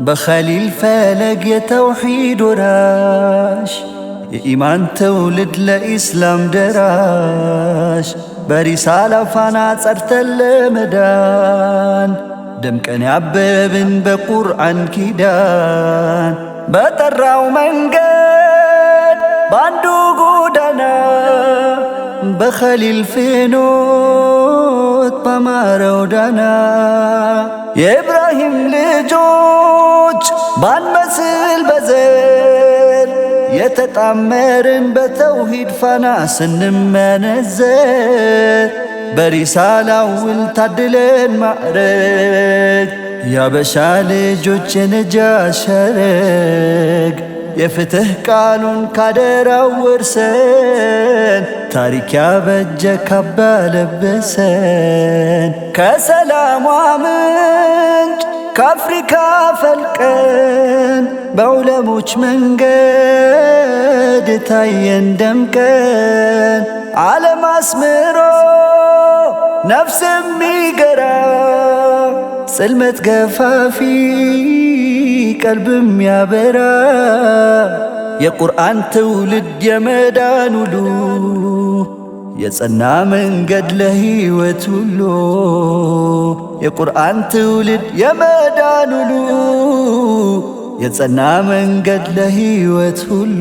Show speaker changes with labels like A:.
A: بخلي الفلك يا توحيد راش የኢማን ትውልድ ለኢስላም ደራሽ በሪሳላ ፋና ጸድተን ለመዳን ደምቀን ያበብን በቁርአን ኪዳን በጠራው መንገድ በአንዱ ጎዳና በኸሊል ፍኖት በማረው ዳና የኢብራሂም ልጆች ባንመስል በዘር የተጣመርን በተውሂድ ፋና ስንመነዘር በሪሳላው ውል ታድለን ማዕረግ ያበሻ ልጆች የነጃ ሸረግ የፍትህ ቃሉን ካደራው ወርሰን ታሪክ ያበጀ ካባ ለበሰን ከሰላሟ ምንጭ ከአፍሪካ ፈልቀን በዑለሞች መንገድ ታየን ደምቀን ዓለም አስምሮ ነፍስ የሚገራ ጽልመት ገፋፊ ቀልብም የሚያበራ የቁርአን ትውልድ የመዳን ሁሉ የጸና መንገድ ለሕይወት ሁሉ የቁርአን ትውልድ የመዳን ሁሉ የጸና መንገድ ለሕይወት ሁሉ